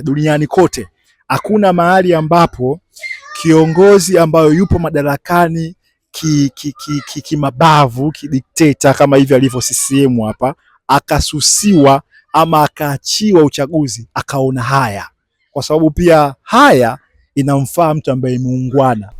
duniani kote. Hakuna mahali ambapo kiongozi ambayo yupo madarakani kimabavu ki, ki, ki, kidikteta kama hivi alivyo CCM hapa akasusiwa ama akaachiwa uchaguzi akaona haya, kwa sababu pia haya inamfaa mtu ambaye muungwana.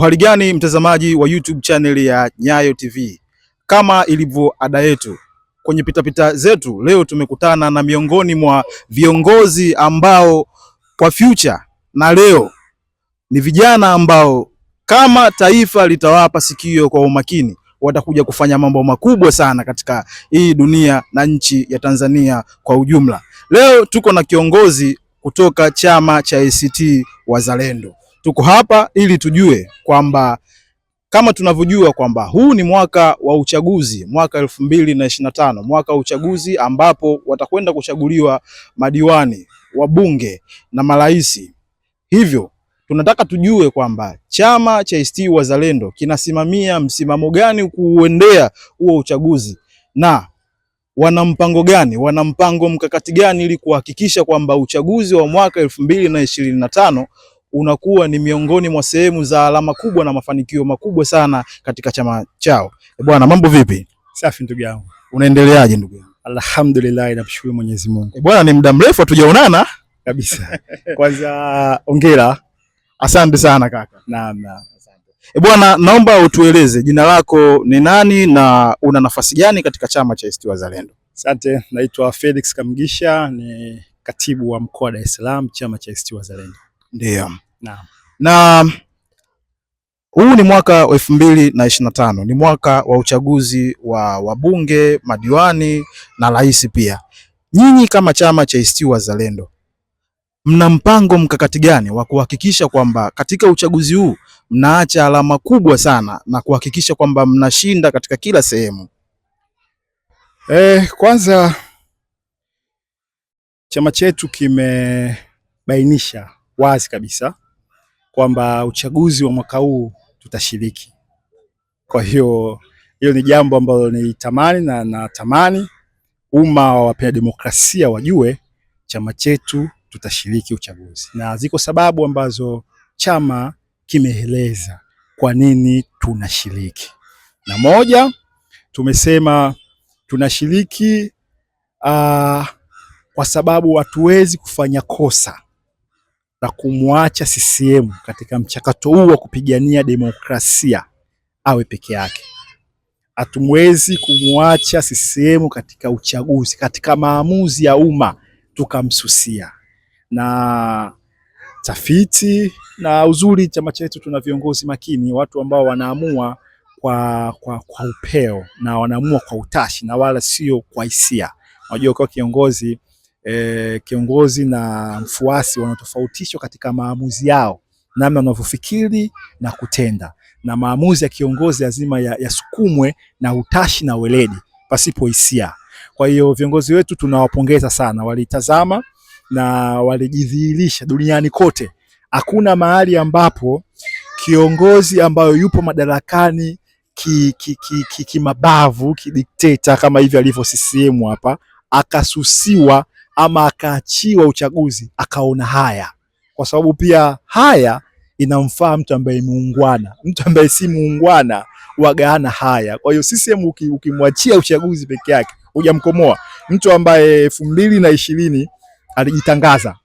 Uhali gani mtazamaji wa YouTube channel ya Nyayo TV, kama ilivyo ada yetu kwenye pitapita zetu, leo tumekutana na miongoni mwa viongozi ambao kwa future na leo ni vijana ambao kama taifa litawapa sikio kwa umakini watakuja kufanya mambo makubwa sana katika hii dunia na nchi ya Tanzania kwa ujumla. Leo tuko na kiongozi kutoka chama cha ACT Wazalendo. Tuko hapa ili tujue kwamba kama tunavyojua kwamba huu ni mwaka wa uchaguzi, mwaka elfu mbili na ishirini na tano, mwaka wa uchaguzi ambapo watakwenda kuchaguliwa madiwani, wabunge na maraisi. Hivyo tunataka tujue kwamba chama cha ACT Wazalendo kinasimamia msimamo gani kuuendea huo uchaguzi na wana mpango gani, wana mpango mkakati gani ili kuhakikisha kwamba uchaguzi wa mwaka elfu mbili na ishirini na tano unakuwa ni miongoni mwa sehemu za alama kubwa na mafanikio makubwa sana katika chama chao. E Bwana, mambo vipi? Safi ndugu yangu, unaendeleaje ndugu yangu? Alhamdulillah, namshukuru Mwenyezi Mungu. E Bwana, ni muda mrefu hatujaonana kabisa. Kwanza ongera, asante sana kaka. Naam, naam. E bwana, naomba utueleze jina lako ni nani na una nafasi gani katika chama cha ACT Wazalendo? Asante, naitwa Felix Kamgisha, ni katibu wa mkoa wa Dar es Salaam, chama cha ACT Wazalendo. Ndiyo. Naam. Na huu ni mwaka wa elfu mbili na ishirini na tano ni mwaka wa uchaguzi wa wabunge, madiwani na rais pia. Nyinyi kama chama cha ACT Wazalendo mna mpango mkakati gani wa kuhakikisha kwamba katika uchaguzi huu mnaacha alama kubwa sana na kuhakikisha kwamba mnashinda katika kila sehemu? Eh, kwanza chama chetu kimebainisha wazi kabisa kwamba uchaguzi wa mwaka huu tutashiriki. Kwa hiyo hiyo ni jambo ambalo nilitamani na natamani umma wa wapenda demokrasia wajue chama chetu tutashiriki uchaguzi, na ziko sababu ambazo chama kimeeleza kwa nini tunashiriki, na moja tumesema tunashiriki uh, kwa sababu hatuwezi kufanya kosa na kumwacha CCM katika mchakato huu wa kupigania demokrasia awe peke yake. Hatumwezi kumwacha CCM katika uchaguzi, katika maamuzi ya umma tukamsusia. Na tafiti na uzuri, chama chetu tuna viongozi makini, watu ambao wanaamua kwa, kwa, kwa upeo na wanaamua kwa utashi na wala sio kwa hisia. Unajua, ukiwa kiongozi e, kiongozi na mfuasi wanatofautishwa katika maamuzi yao, namna wanavyofikiri na kutenda, na maamuzi ya kiongozi lazima yasukumwe ya na utashi na weledi, pasipo hisia. Kwa hiyo viongozi wetu tunawapongeza sana, walitazama na walijidhihirisha duniani kote. Hakuna mahali ambapo kiongozi ambayo yupo madarakani kimabavu ki, ki, ki, ki kidikteta kama hivi alivyo CCM hapa akasusiwa ama akaachiwa uchaguzi akaona haya, kwa sababu pia haya inamfaa mtu ambaye muungwana. Mtu ambaye si muungwana wagaana haya. Kwa hiyo CCM ukimwachia uchaguzi peke yake hujamkomoa mtu ambaye elfu mbili na ishirini alijitangaza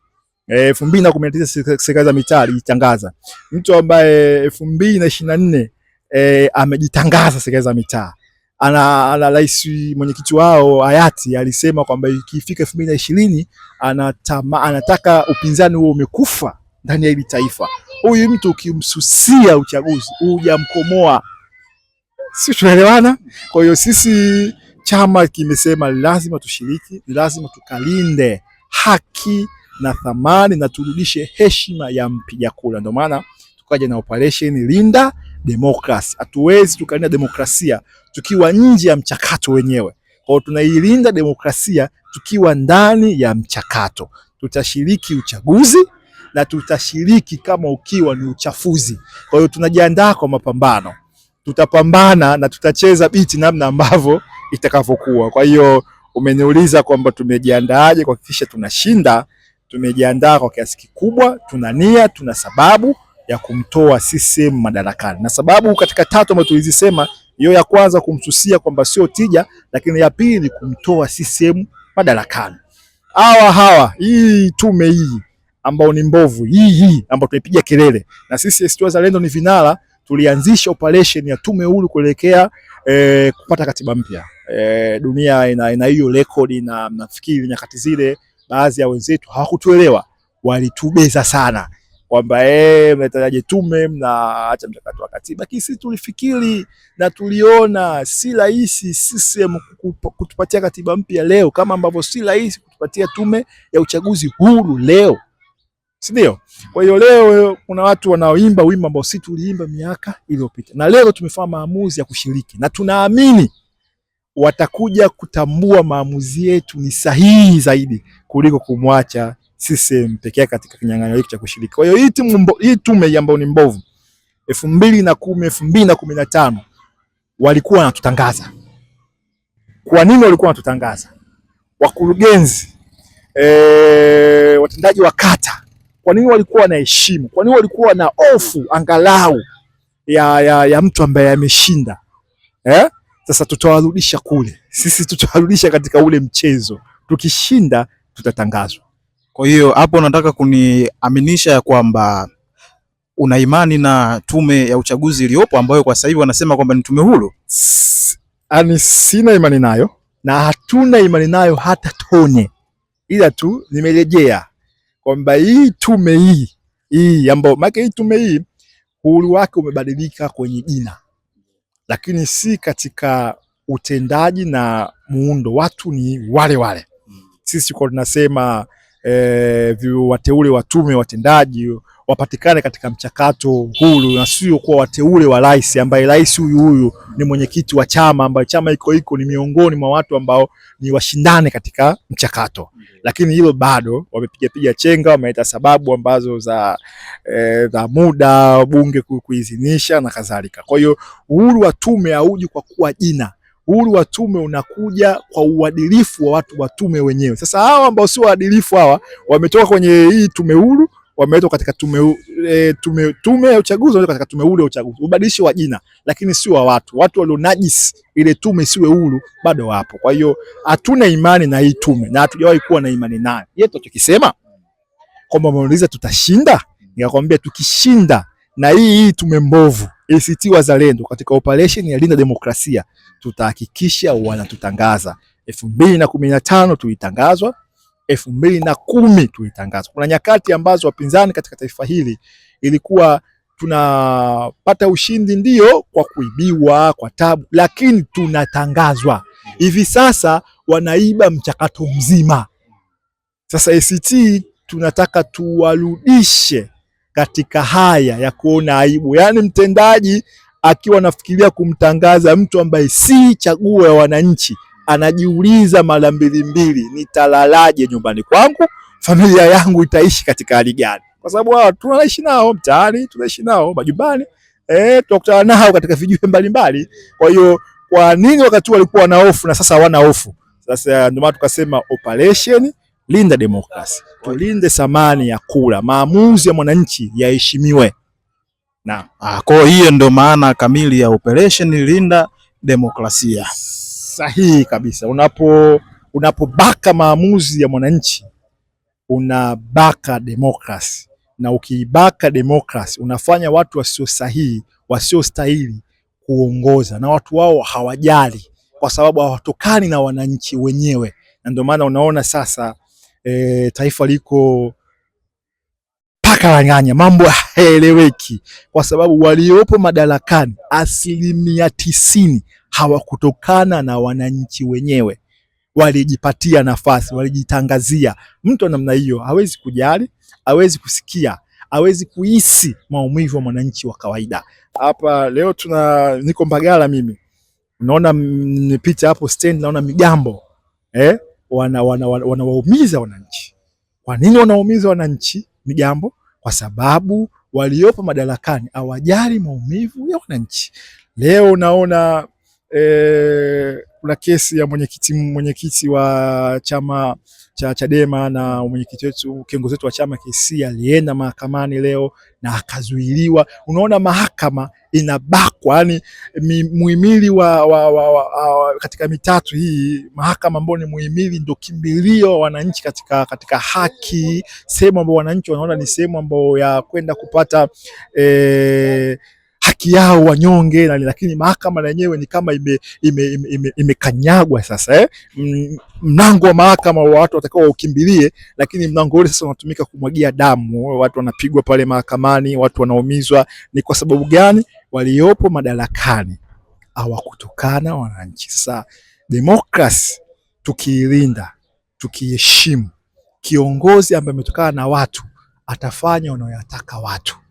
elfu mbili na kumi na tisa serikali za mitaa alijitangaza, mtu ambaye elfu mbili na ishirini na nne eh, amejitangaza serikali za mitaa ana rais mwenyekiti wao hayati alisema kwamba ikifika elfu mbili na ishirini anataka upinzani huo umekufa ndani ya hili taifa. Huyu mtu ukimsusia uchaguzi hujamkomoa, si tunaelewana? Kwa hiyo sisi chama kimesema lazima tushiriki, lazima tukalinde haki na thamani na turudishe heshima ya mpiga kura. Ndio maana tukaja na operation Linda demokrasi. Hatuwezi tukalinda demokrasia tukiwa nje ya mchakato wenyewe. Kwa hiyo tunailinda demokrasia tukiwa ndani ya mchakato. Tutashiriki uchaguzi na tutashiriki kama ukiwa ni uchafuzi. Kwa hiyo tunajiandaa kwa mapambano, tutapambana na tutacheza biti namna ambavyo itakavyokuwa. Kwa hiyo umeniuliza kwamba tumejiandaaje kuhakikisha tunashinda. Tumejiandaa kwa kiasi kikubwa, tuna nia, tuna sababu ya kumtoa CCM madarakani, na sababu katika tatu ambazo tulizisema, hiyo ya kwanza kumsusia kwamba sio tija, lakini ya pili ni kumtoa CCM madarakani. Hawa hawa hii tume hii ambao ni mbovu hii hii ambao tumepiga kelele na sisi ACT Wazalendo ni vinara, tulianzisha operation ya tume huru kuelekea e, kupata katiba mpya e, dunia ina hiyo record na nafikiri nyakati zile baadhi ya wenzetu hawakutuelewa, walitubeza sana kwamba eh, mnahitajaje tume, mnaacha mchakato wa katiba, lakini sisi tulifikiri na tuliona si rahisi CCM kutupatia katiba mpya leo, kama ambavyo si rahisi kutupatia tume ya uchaguzi huru leo, si ndio? Kwa hiyo leo kuna watu wanaoimba wimbo ambao sisi tuliimba miaka iliyopita, na leo tumefanya maamuzi ya kushiriki, na tunaamini watakuja kutambua maamuzi yetu ni sahihi zaidi kuliko kumwacha CCM peke yake katika kinyang'anyiro hiki cha kushiriki. Kwa hiyo hii timu hii tume ambayo ni mbovu, elfu mbili na mbili na kumi na walikuwa wanatutangaza. Kwa nini walikuwa wanatutangaza? Wakurugenzi e, watendaji wa kata, kwa nini walikuwa heshima? Kwa nini walikuwa na hofu angalau ya, ya, ya mtu ambaye ameshinda eh? Sasa tutawarudisha kule, sisi tutawarudisha katika ule mchezo, tukishinda tutatangazwa. Kwa hiyo hapo nataka kuniaminisha ya kwamba una imani na tume ya uchaguzi iliyopo ambayo kwa sasa hivi wanasema kwamba ni tume huru? Ani, sina imani nayo na hatuna imani nayo hata tone, ila tu nimerejea kwamba hii tume hii hii ambayo maana hii tume hii uhuru wake umebadilika kwenye jina, lakini si katika utendaji na muundo. Watu ni wale wale, sisi kwa tunasema eh, wateule wa tume watendaji wapatikane katika mchakato huru na sio kuwa wateule wa rais, ambaye rais huyu huyu ni mwenyekiti wa chama, ambaye chama iko iko ni miongoni mwa watu ambao ni washindane katika mchakato. Lakini hilo bado wamepigapiga chenga, wameleta sababu ambazo za, e, za muda bunge kuizinisha na kadhalika. Kwa hiyo uhuru wa tume hauji kwa kuwa jina uhuru wa tume unakuja kwa uadilifu wa watu wa tume wenyewe. Sasa hawa ambao sio waadilifu hawa wametoka kwenye hii tume huru wameletwa katika tume e, tume tume ya uchaguzi katika tume huru ya uchaguzi. Ubadilishi wa jina, lakini sio wa watu. Watu walionajisi ile tume isiwe huru bado wapo. Kwa hiyo hatuna imani na hii tume na hatujawahi kuwa na imani nayo. Yeye tunachokisema kwamba ameuliza tutashinda, nikakwambia tukishinda na hii hii tume mbovu ACT Wazalendo katika operation ya Linda Demokrasia tutahakikisha wanatutangaza. elfu mbili na kumi na tano tulitangazwa, elfu mbili na kumi tulitangazwa. Kuna nyakati ambazo wapinzani katika taifa hili ilikuwa tunapata ushindi ndio, kwa kuibiwa, kwa tabu, lakini tunatangazwa. Hivi sasa wanaiba mchakato mzima. Sasa ACT tunataka tuwarudishe katika haya ya kuona aibu, yaani mtendaji akiwa anafikiria kumtangaza mtu ambaye si chaguo ya wananchi, anajiuliza mara mbili mbili, nitalalaje nyumbani kwangu? Familia yangu itaishi katika hali gani? Kwa sababu hao tunaishi nao mtaani, tunaishi nao majumbani, eh, tunakutana nao katika vijiji mbalimbali. Kwa hiyo kwa nini wakati walikuwa wana hofu na sasa hawana hofu? Sasa ndio maana tukasema operation linda demokrasia tulinde thamani ya kura, maamuzi ya mwananchi yaheshimiwe. Na ah, kwa hiyo ndio maana kamili ya operation linda demokrasia. Sahihi kabisa. Unapo unapobaka maamuzi ya mwananchi unabaka demokrasi, na ukiibaka demokrasi unafanya watu wasio sahihi, wasiostahili kuongoza, na watu wao hawajali, kwa sababu hawatokani na wananchi wenyewe, na ndio maana unaona sasa e, taifa liko paka langanya, mambo haeleweki, kwa sababu waliopo madarakani asilimia tisini hawakutokana na wananchi wenyewe, walijipatia nafasi, walijitangazia. Mtu wa namna hiyo hawezi kujali, hawezi kusikia hawezi kuhisi maumivu ya mwananchi wa kawaida. Hapa leo tuna niko Mbagala mimi, naona nipita hapo stendi, naona migambo eh? wanawaumiza wana, wana, wana wananchi. Kwa nini wanaumiza wananchi? Ni jambo kwa sababu waliopo madarakani hawajali maumivu ya wananchi. Leo unaona E, kuna kesi ya mwenyekiti mwenyekiti wa chama cha Chadema na mwenyekiti wetu kiongozi wetu wa chama KC alienda mahakamani leo na akazuiliwa. Unaona, mahakama inabakwa, yani muhimili wa, wa, wa, wa, wa, katika mitatu hii mahakama ambayo ni muhimili ndio kimbilio wa wananchi katika, katika haki, sehemu ambayo wananchi wanaona ni sehemu ambayo ya kwenda kupata eh, haki yao wanyonge, lakini mahakama lenyewe ni kama imekanyagwa ime, ime, ime sasa eh? Mlango wa mahakama wa watu watakao waukimbilie, lakini mlango ule sasa unatumika kumwagia damu. Watu wanapigwa pale mahakamani, watu wanaumizwa. Ni kwa sababu gani? Waliopo madarakani hawakutokana wananchi. Sasa demokrasi tukiilinda, tukiheshimu, kiongozi ambaye ametokana na watu atafanya wanayotaka watu.